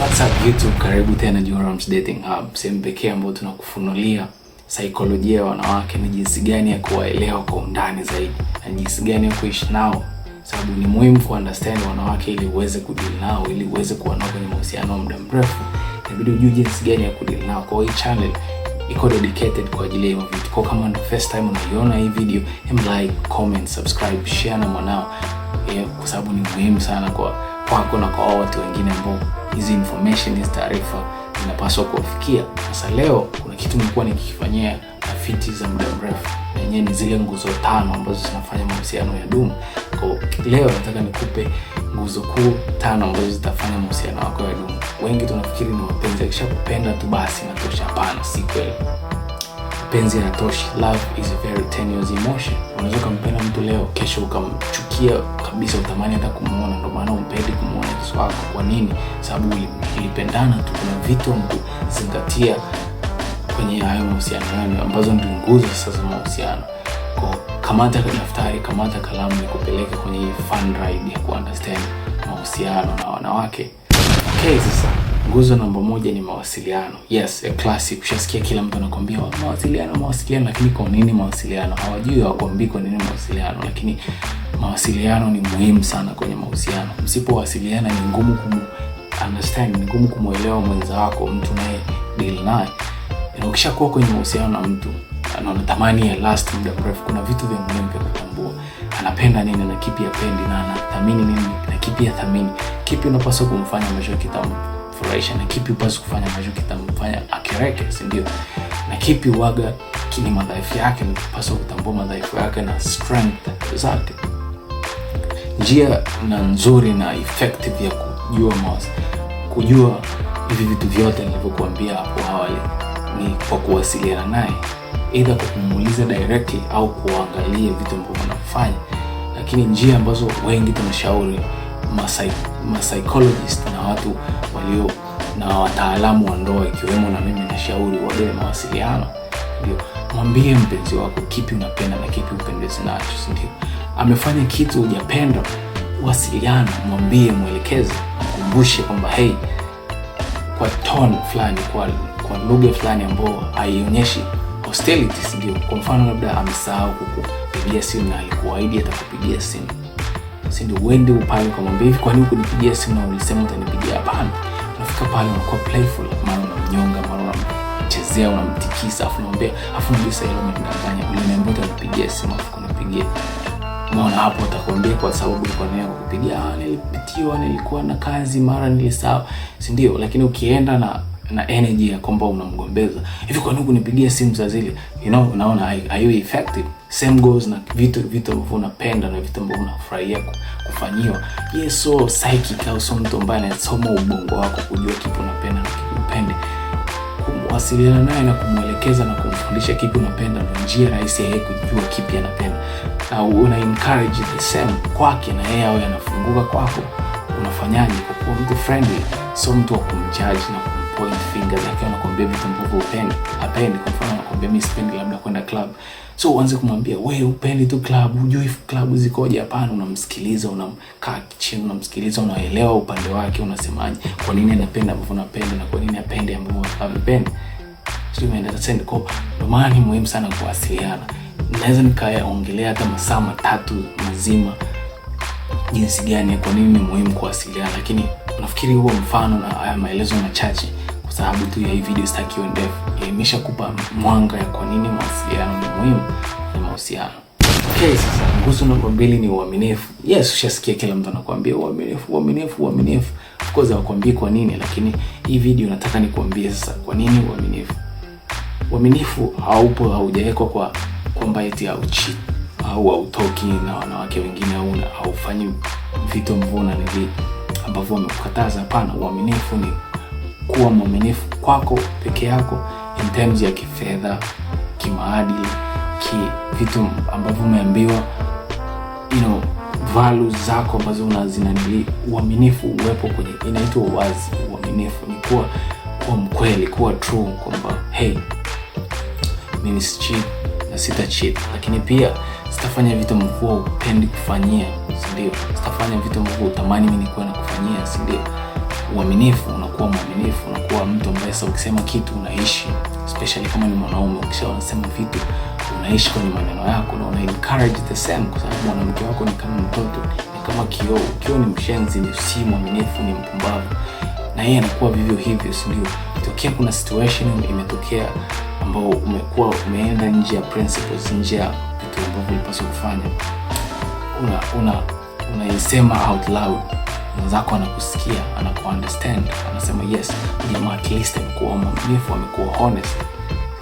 What's up YouTube, karibu tena Jorams Dating Hub, sehemu pekee ambayo tunakufunulia saikolojia ya wanawake ni jinsi gani ya kuwaelewa kwa undani zaidi na jinsi gani ya kuishi nao, sababu ni muhimu ku understand wanawake ili uweze kudili nao, ili uweze kuwa nao kwenye mahusiano wa muda mrefu, inabidi ujue jinsi gani ya kudili nao. Kwa hii channel iko dedicated kwa ajili ya hivyo vitu. Kwa kama ndio first time unaiona hii video, hem like, comment, subscribe, share na mwanao, yeah, kwa sababu ni muhimu sana kwa kwako na kwa watu wengine ambao hizi information hizi taarifa zinapaswa kuwafikia. Sasa leo kuna kitu nilikuwa nikikifanyia tafiti za muda mrefu, yenyewe ni zile nguzo tano ambazo zinafanya mahusiano ya dumu. Kwa leo nataka nikupe nguzo kuu tano ambazo zitafanya mahusiano wako ya dumu. Wengi tunafikiri ni mapenzi, akishakupenda tu basi natosha. Hapana, si kweli mapenzi yanatoshi. Love is a very tenuous emotion. Unaweza ukampenda mtu leo, kesho ukamchukia kabisa, utamani hata kumwona. Ndio maana umpendi kumwona ex wako. Kwa nini? Sababu ilipendana tu. Kuna vitu mkuzingatia kwenye hayo mahusiano yanu ambazo ndio nguzo sasa za mahusiano. Kwa kamata daftari, kamata kalamu, nikupeleke kwenye fun ride ya kuunderstand mahusiano na wanawake. Okay, sasa Nguzo namba moja ni mawasiliano. Yes, a classic. Ushasikia kila mtu anakuambia mawasiliano, mawasiliano, lakini kwa nini mawasiliano? Hawajui, hawakwambii kwa nini mawasiliano, lakini mawasiliano ni muhimu sana kwenye mahusiano. Msipowasiliana ni ngumu kum understand, ni ngumu kumuelewa mwenza wako, mtu naye deal naye. Na ukishakuwa kwenye mahusiano na mtu na unatamani ya last muda mrefu, kuna vitu vya muhimu vya kutambua: anapenda nini na kipi apendi, na anathamini nini na kipi athamini, kipi unapaswa kumfanya mwisho kitambo kinamfurahisha na kipi basi kufanya ambacho kitamfanya akereke, si ndio? Na kipi waga kini madhaifu yake, na kupaswa kutambua madhaifu yake na strength zake. Njia na nzuri na effective ya kujua mas, kujua hivi vitu vyote nilivyokuambia hapo awali ni kwa kuwasiliana naye, aidha kwa kumuuliza directly au kuangalia vitu ambavyo anafanya. Lakini njia ambazo wengi tunashauri ma psychologist na watu kwa hiyo na wataalamu wa ndoa ikiwemo na mimi nashauri wabele mawasiliano, ndio mwambie mpenzi wako kipi unapenda na kipi upendezi nacho, si ndio? Amefanya kitu hujapenda, wasiliana, mwambie, mwelekeze, mkumbushe kwamba hey, kwa tone fulani, kwa kwa lugha fulani ambayo haionyeshi hostility, si ndio? Kwa mfano labda amesahau kukupigia simu na alikuahidi atakupigia simu, si Uende upale ukamwambia hivi, kwani hukunipigia simu na ulisema utanipigia? Hapana unafika pale unakuwa playful, mara unamnyonga, mara unamchezea, unamtikisa, afu unaombea, afu ndio sasa hilo umemdanganya ule membo, utapigia simu afu kunipigia. Maana hapo atakwambia kwa sababu kwa nini kukupigia? Ah, nilipitiwa, nilikuwa na kazi, mara nilisahau, si ndio? Lakini ukienda na na energy ya kwamba unamgombeza hivi, kwa nini kunipigia simu za zile, you know, unaona are you effective? Same goes na vitu vitu ambavyo unapenda na vitu ambavyo unafurahia kufanyiwa. Yes, so psychic au so mtu ambaye anasoma ubongo wako kujua kipi unapenda na kipi upende, kumwasiliana naye na kumwelekeza na kumfundisha kipi unapenda, ndio njia rahisi ya yeye kujua kipi anapenda, na una encourage the same kwake na yeye awe anafunguka kwako. Unafanyaje kwa kuwa mtu friendly, so mtu wa kumjudge na point fingers, akiwa anakuambia vitu ambavyo upendi, hapendi. Kwa mfano anakuambia mi sipendi labda kwenda club, so uanze kumwambia we upendi tu club, hujui club zikoja Hapana, unamsikiliza, unamkaa chini, unamsikiliza, unaelewa upande wake, unasemaje, kwa nini anapenda ambavyo unapenda na kwa nini hapendi ambavyo hapendi. Sio so, maana ni muhimu sana kuwasiliana. Naweza nikaongelea hata masaa matatu mazima jinsi gani, kwa nini ni muhimu kuwasiliana, lakini nafikiri huo mfano na haya maelezo machache kwa sababu tu ya hii video sitaki iwe ndefu. Eh, kupa mwanga ya kwa nini mawasiliano ni muhimu na mahusiano. Okay, sasa nguzo namba mbili ni uaminifu. Yes, ushasikia kila mtu anakuambia uaminifu, uaminifu, uaminifu. Of course hawakuambii kwa nini, lakini hii video nataka nikuambie sasa kwa nini uaminifu. Uaminifu haupo, haujawekwa kwa kwamba eti au chi au hautoki na wanawake wengine au haufanyi vitu mvuna ni ambavyo wamekukataza. Hapana, uaminifu ni kuwa mwaminifu kwako peke yako in terms ya kifedha, kimaadili, ki vitu ambavyo umeambiwa you know, values zako ambazo unazinadili. Uaminifu uwepo kwenye, inaitwa uwazi. Uaminifu ni kuwa kuwa mkweli, kuwa true kwamba hey, mimi si cheat na sita cheat, lakini pia sitafanya vitu mvua upendi kufanyia, si ndio? Sitafanya vitu mvua utamani mimi nikuwa na kufanyia, ndio? uaminifu, unakuwa mwaminifu, unakuwa mtu ambaye sasa ukisema kitu unaishi, especially kama ni mwanaume, ukishaanasema vitu unaishi kwenye maneno yako na una encourage the same, kwa sababu mwanamke wako ni kama mtoto, ni kama kioo. Ukiwa ni mshenzi, ni si mwaminifu, ni mpumbavu, na yeye anakuwa vivyo hivyo, si ndio? Tokea kuna situation imetokea ambao umekuwa umeenda nje ya principles, nje ya vitu ambavyo ulipaswa kufanya, una unaisema out loud mwenzako anakusikia, anaku understand, anasema yes, jamaa at least amekuwa mwaminifu, amekuwa honest.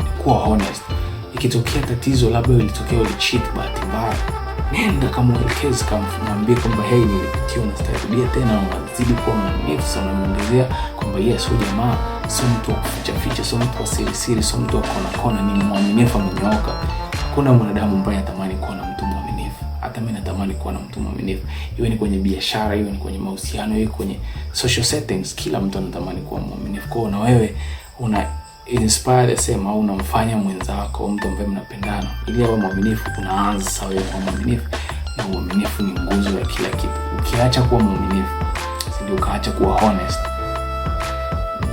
amekuwa honest, ikitokea tatizo, labda ilitokea ulichit bahati mbaya, nenda kamwelekezi, kamwambie kwamba hey, nilipitiwa na tena. Unazidi kuwa mwaminifu sana, unaongezea kwamba yes, huyu jamaa sio mtu wa kuficha ficha, sio mtu wa siri siri, sio mtu wa kona kona, ni mwaminifu, amenyooka. Hakuna mwanadamu ambaye atamani kuwa kuwa na mtu mwaminifu, iwe ni kwenye biashara, iwe ni kwenye mahusiano, iwe kwenye social settings. Kila mtu anatamani kuwa mwaminifu kwao, na wewe una inspire sema, au unamfanya mwenzako mtu ambaye mnapendana, ili awe mwaminifu. Unaanza sawa wewe kuwa mwaminifu, na mwaminifu ni nguzo ya kila kitu. Ukiacha kuwa mwaminifu, ndio ukaacha kuwa honest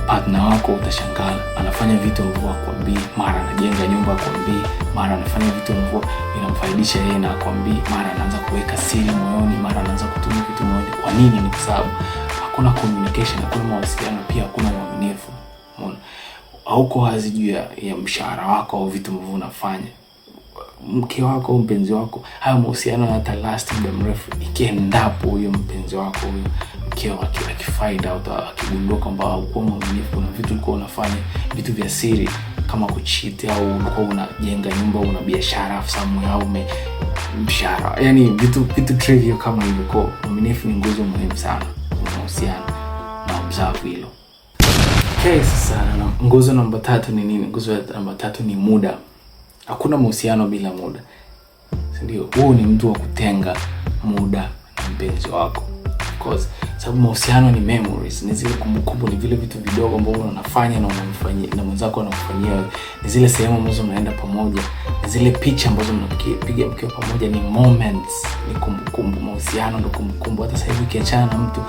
partner wako utashangaa anafanya vitu ambavyo hakwambii, mara anajenga nyumba hakwambii mara anafanya vitu ambavyo vinamfaidisha yeye na akwambii, mara anaanza kuweka siri moyoni, mara anaanza kutumia vitu moyoni. Kwa nini? Ni kwa sababu hakuna communication, hakuna mawasiliano, pia hakuna mwaminifu. Umeona, hauko wazi juu ya, ya mshahara wako au vitu ambavyo unafanya mke wako au mpenzi wako. Hayo mahusiano hata last muda mrefu, ikiendapo huyo mpenzi wako huyo mke wake akifaida au akigundua kwamba haukuwa mwaminifu, kuna vitu ulikuwa unafanya, vitu vya siri kama kuchiti au ulikuwa unajenga nyumba, una biashara somewhere au ume mshara yani vitu vitu trivia kama hivyo. Kwa uaminifu ni nguzo muhimu sana mahusiano na mzavu hilo. Okay, sasa nguzo namba tatu ni nini? Nguzo namba tatu ni muda. Hakuna mahusiano bila muda, sindio ndio? Huu ni mtu wa kutenga muda na mpenzi wako course, sababu mahusiano ni memories, ni zile kumbukumbu, ni vile vitu vidogo ambavyo unafanya na unamfanyia na mwenzako anakufanyia, ni zile sehemu ambazo mnaenda pamoja, ni zile picha ambazo mnapiga mkiwa pamoja, ni moments, ni kumbukumbu. Mahusiano ndo kumbukumbu. Hata sasa hivi ukiachana na mtu,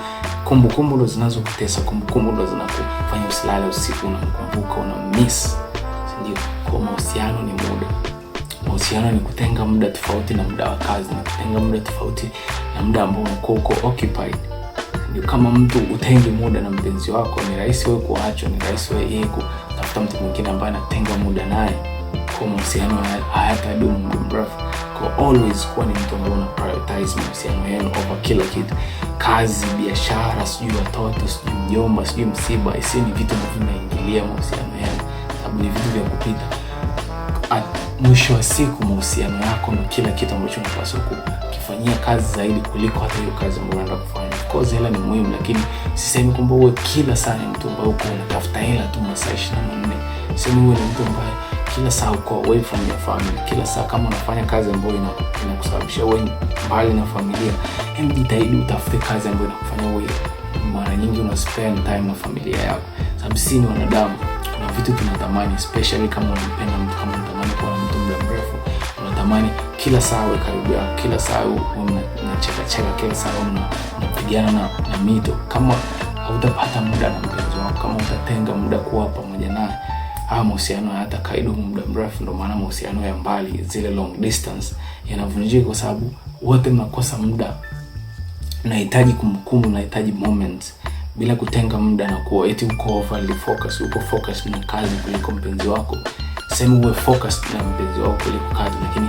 kumbukumbu ndo zinazokutesa, kumbukumbu ndo zinakufanya usilale usiku, unamkumbuka, una miss, ndio kwa mahusiano ni mahusiano ni kutenga muda tofauti na muda wa kazi, na kutenga muda tofauti na muda ambao unakuwa uko occupied. Ni kama mtu utengi muda na mpenzi wako, ni rahisi wewe kuachwa, ni rahisi wewe yeye kutafuta mtu mwingine ambaye anatenga muda naye, kwa mahusiano hayatadumu muda mrefu. Kwa always kuwa ni mtu ambaye una prioritize mahusiano yenu over kila kitu, kazi, biashara, sijui watoto, sijui mjomba, sijui msiba. isiyo ni vitu ambavyo vinaingilia mahusiano yenu, sababu ni vitu vya kupita. Ah, mwisho wa siku mahusiano yako na kila kitu ambacho unapaswa kukifanyia kazi zaidi kuliko hata hiyo kazi ambayo unaenda kufanya. Of course hela ni muhimu, lakini sisemi kwamba uwe kila saa ni mtu ambaye uko unatafuta hela tu masaa ishirini na nne. Sisemi uwe ni mtu ambaye kila saa uko away from your family. Kila saa kama unafanya kazi ambayo inakusababisha uwe mbali na familia, hebu jitahidi utafute kazi ambayo inakufanya uwe mara nyingi una spend time na familia yako, sababu sisi ni wanadamu, kuna vitu tunatamani, especially kama unampenda mtu kama unatamani kila saa we karibu yao, kila saa cheka, kila saa unapigana na, na mito. Kama hautapata muda na mpenzi wako, kama utatenga muda kuwa pamoja naye, haya mahusiano hata kaidumu muda mrefu. Ndio maana mahusiano ya mbali, zile long distance, yanavunjika kwa sababu wote mnakosa muda. Nahitaji kumbukumbu, nahitaji moments bila kutenga muda na kuwa eti uko overly focus, uko focus na kazi kuliko mpenzi wako sehemu uwe focused na mpenzi wako kuliko kazi, lakini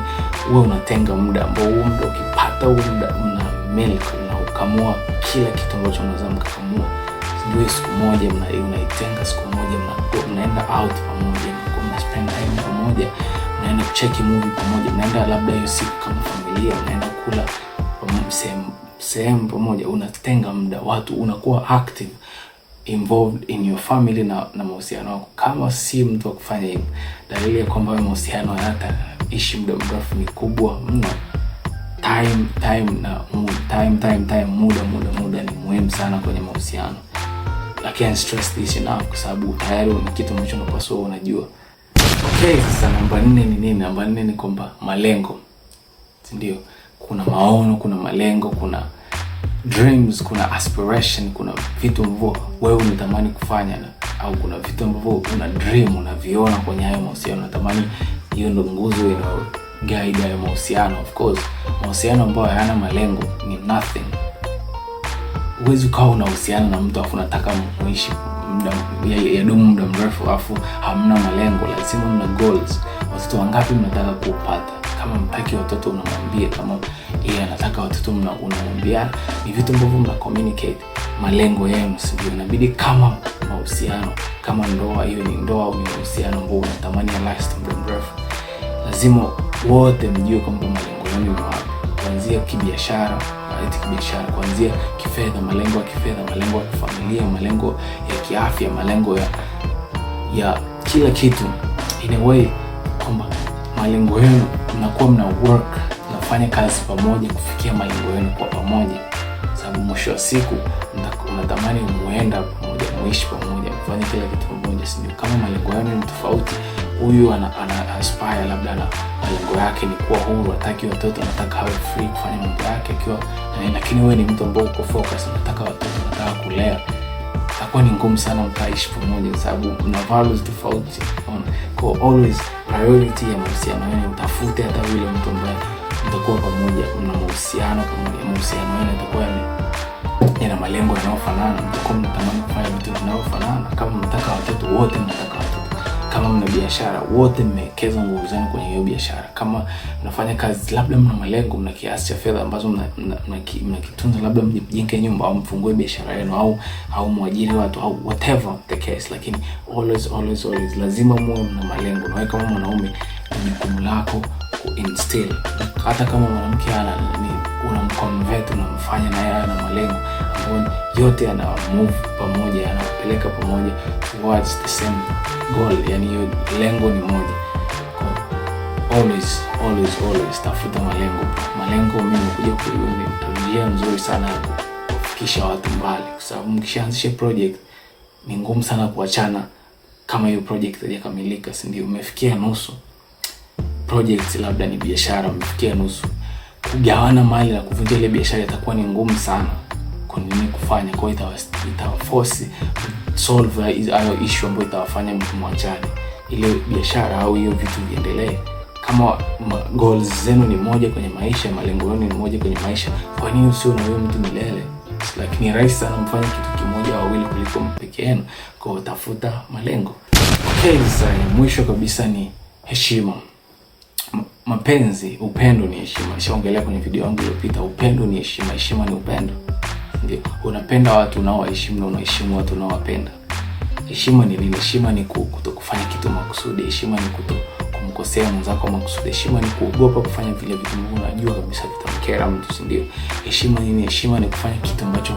uwe unatenga muda ambao huo muda ukipata huo muda una milk ukamua kila kitu ambacho unaweza mkakamua. Sijui siku moja unaitenga, siku moja mnaenda out pamoja, spend time pamoja, mnaenda kucheki movie pamoja, mnaenda labda hiyo siku kama familia, mnaenda kula sehemu sehemu pamoja, unatenga muda watu, unakuwa active involved in your family na, na mahusiano wako. Kama si mtu wa kufanya hivyo, dalili ya kwamba wewe mahusiano yataishi muda mrefu ni kubwa mno. Time, time na muda, time, time, time, muda, muda, muda ni muhimu sana kwenye mahusiano. I can't stress this enough kwa sababu tayari ni kitu ambacho unapaswa unajua. Okay, sasa namba nne ni nini? Namba nne ni kwamba malengo, si ndio? Kuna maono, kuna malengo, kuna dreams, kuna aspiration, kuna vitu ambavyo wewe unatamani kufanya au kuna vitu ambavyo una dream unaviona kwenye hayo mahusiano, unatamani. Hiyo ndo nguzo ina guide hayo mahusiano. Of course, mahusiano ambayo hayana malengo ni nothing. Huwezi ukawa unahusiana na mtu afu unataka muishi muda yadumu muda mrefu afu hamna malengo. Lazima mna goals. Watoto wangapi mnataka kupata? kama mtaki watoto unamwambia, kama yeye anataka watoto unamwambia. Ni vitu ambavyo mna communicate malengo yenu, sivyo? Inabidi kama mahusiano kama ndoa, hiyo ni ndoa au ni mahusiano ambao unatamani ya last muda mrefu, lazima wote mjue kwamba malengo yenu ni wapi, kuanzia kibiashara kibiashara kuanzia kifedha, malengo ya kifedha, malengo ya kifamilia, malengo ya kiafya, malengo ya ya kila kitu in a way kwamba malengo yenu, mnakuwa mna work, mnafanya kazi pamoja kufikia malengo yenu kwa pamoja, sababu mwisho wa siku mnatamani muenda pamoja, muishi pamoja, mfanye kila kitu pamoja, sio kama malengo yenu ni tofauti. Huyu ana, ana aspire labda na malengo yake ni kuwa huru, hataki watoto, anataka awe free kufanya mambo yake akiwa, lakini wewe ni mtu ambaye uko focus, unataka watoto, unataka kulea, itakuwa ni ngumu sana mkaishi pamoja, sababu mna values tofauti. Kwa always priority ya mahusiano yenu, utafute hata yule mtu ambaye mtakuwa pamoja, mna mahusiano pamoja, mahusiano yenu yatakuwa yana malengo yanayofanana, mtakuwa mnatamani kufanya vitu vinavyofanana. Kama mnataka watoto wote, mnataka kama mna biashara, wote mmewekeza nguvu zenu kwenye hiyo biashara. Kama mnafanya kazi, labda mna malengo, mna kiasi cha fedha ambazo mnakitunza, mna, labda mjenge nyumba au mfungue biashara yenu au au mwajiri watu au whatever the case, lakini always always always lazima muwe mna malengo, na kama mwanaume, jukumu lako kuinstill hata kama mwanamke unamconvert, unamfanya na yeye ana malengo ambayo yote yana move pamoja, yanapeleka pamoja towards the same goal, yani hiyo lengo ni moja. Always, always, always tafuta malengo. Malengo mimi nimekuja tabia nzuri sana ya kufikisha watu mbali, kwa sababu mkishaanzisha project ni ngumu sana kuachana kama hiyo project haijakamilika, si ndio? Umefikia nusu project labda ni biashara, umefikia nusu, kugawana mali na kuvunja ile biashara itakuwa ni ngumu sana kwa nini kufanya. Kwa hiyo itawaforce solve hiyo issue ambayo itawafanya mtu mwachane ile biashara au hiyo vitu viendelee. Kama goals zenu ni moja kwenye maisha, malengo yenu ni moja kwenye maisha, kwa nini usio na huyo mtu milele? Lakini rahisi sana mfanye kitu kimoja au wawili kuliko mpeke yenu, kwa utafuta malengo. Okay, mwisho kabisa ni heshima mapenzi, upendo ni heshima. Nishaongelea kwenye video yangu iliyopita, upendo ni heshima, heshima ni upendo. Ndio unapenda watu unaowaheshimu na unaheshimu watu unaowapenda. Heshima ni nini? Heshima ni kutokufanya kitu makusudi. Heshima ni kuto kumkosea mwenzako makusudi. Heshima ni kuogopa kufanya vile vitu ambavyo unajua kabisa vitamkera mtu, si ndio? Heshima ni heshima ni kufanya kitu ambacho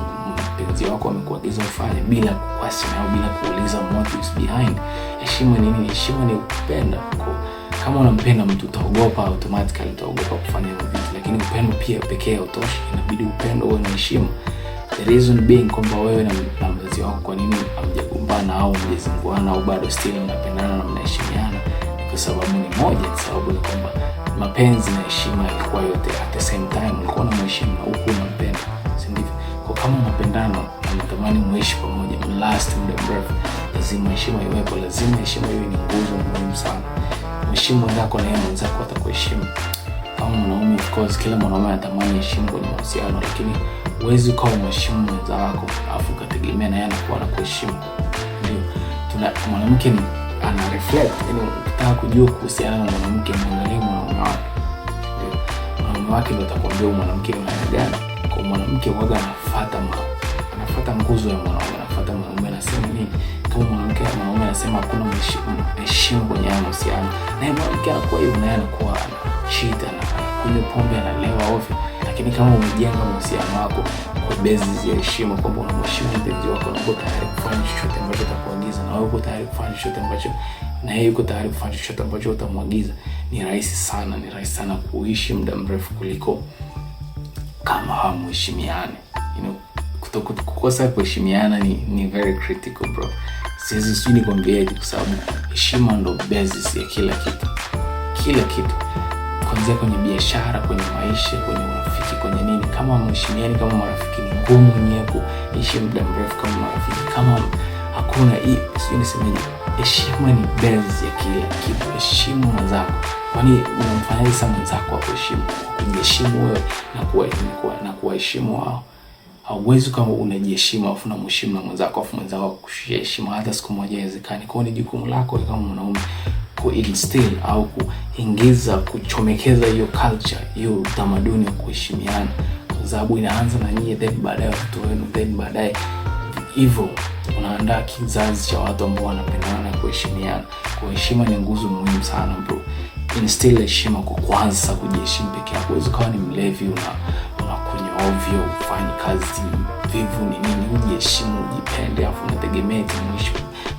mpenzi wako amekuagiza ufanye bila kukwasi nao, bila kuuliza motives behind. Heshima ni nini? Heshima ni kupenda kwa kama unampenda mtu utaogopa, automatically utaogopa kufanya hivyo vitu, lakini upendo pia pekee hautoshi, inabidi upendo uwe na heshima. The reason being kwamba wewe na mzazi wako, kwa nini hamjagombana au hamjazunguana au bado still mnapendana na mnaheshimiana? Kwa sababu ni moja, kwa sababu ni kwamba mapenzi na heshima yalikuwa yote at the same time, ulikuwa na mheshimu na huku unampenda, sindivyo Kwa kama unapendana natamani mnatamani pamoja, mlast muda mrefu, lazima heshima iwepo, lazima heshima hiyo ni nguzo muhimu sana heshimu mwenzako na yeye mwenzako atakuheshimu. Kama mwanaume, of course, kila mwanaume anatamani heshima kwenye mahusiano, lakini huwezi ukawa umheshimu mwenza wako afu ukategemea na yeye anakuwa kuheshimu. Ndio tuna mwanamke ni ana reflect, yani ukitaka kujua kuhusiana na mwanamke, mwangalie mwanaume wako. Mwanaume wake ndio atakwambia mwanamke ni aina gani. Kwa mwanamke, huwaga anafuata anafuata nguzo ya mwanaume, anafuata mwanaume anasema nini kama mwanamke na mwanaume anasema hakuna heshima kwenye haya mahusiano, naye mwanamke anakuwa hivyo, naye anakuwa anachita na kunywa pombe, analewa ovyo. Lakini kama umejenga mahusiano wako kwa basis ya heshima, kwamba unamheshimu mpenzi wako na uko tayari kufanya chochote ambacho atakuagiza, na wewe uko tayari kufanya chochote ambacho na yeye yuko tayari kufanya chochote ambacho utamwagiza, ni rahisi sana, ni rahisi sana kuishi muda mrefu kuliko kama hamuheshimiane. You know, kukosa kuheshimiana ni, ni very critical bro siwezi sijui nikwambiaje, kwa sababu heshima ndo basis ya kila kitu, kila kitu, kuanzia kwenye biashara, kwenye maisha, kwenye urafiki, kwenye nini. Kama mheshimiani kama marafiki, ni ngumu nyewe kuishi muda mrefu kama marafiki, kama hakuna hii, sijui nisemeje. Heshima ni basis ya kila kitu. Heshimu mwenzako, kwani unamfanyaje sasa mwenzako akuheshimu? Kujiheshimu wewe na kuwaheshimu wao hauwezi kama unajiheshimu afu na mheshimu na mwenzako afu mwenzako kuheshimu hata siku moja, haiwezekani. Kwa hiyo ni jukumu lako kama mwanaume ku instill au kuingiza, kuchomekeza hiyo culture, hiyo utamaduni wa kuheshimiana, kwa sababu inaanza na nyie, then baadaye watoto wenu, then baadaye hivyo unaandaa kizazi cha watu ambao wanapendana na kuheshimiana. Kwa heshima ni nguzo muhimu sana bro, instill heshima kwa kwanza, kujiheshimu peke yako. Huwezi ukawa ni mlevi una ovyo, ufanye kazi vivu ni nini, ujiheshimu, ujipende, afu unategemea mwisho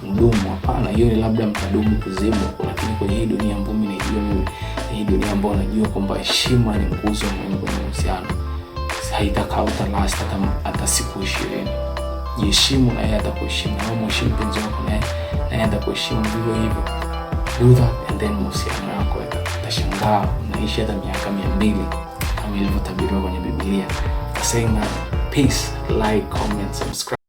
mdumu. Hapana, hiyo ni labda mtadumu kuzimu, lakini kwenye hii dunia ambayo mimi naijua mimi, hii dunia ambayo najua kwamba heshima ni nguzo muhimu kwenye mahusiano, haitakaa last hata siku ishirini. Jiheshimu na yeye atakuheshimu, na mheshimu mpenzi wako, naye naye atakuheshimu vivyo hivyo. Do that and then mahusiano yako yatashangaa, unaishi hata miaka mia mbili kama ilivyotabiriwa kwenye here saying uh, peace, like, comment, subscribe.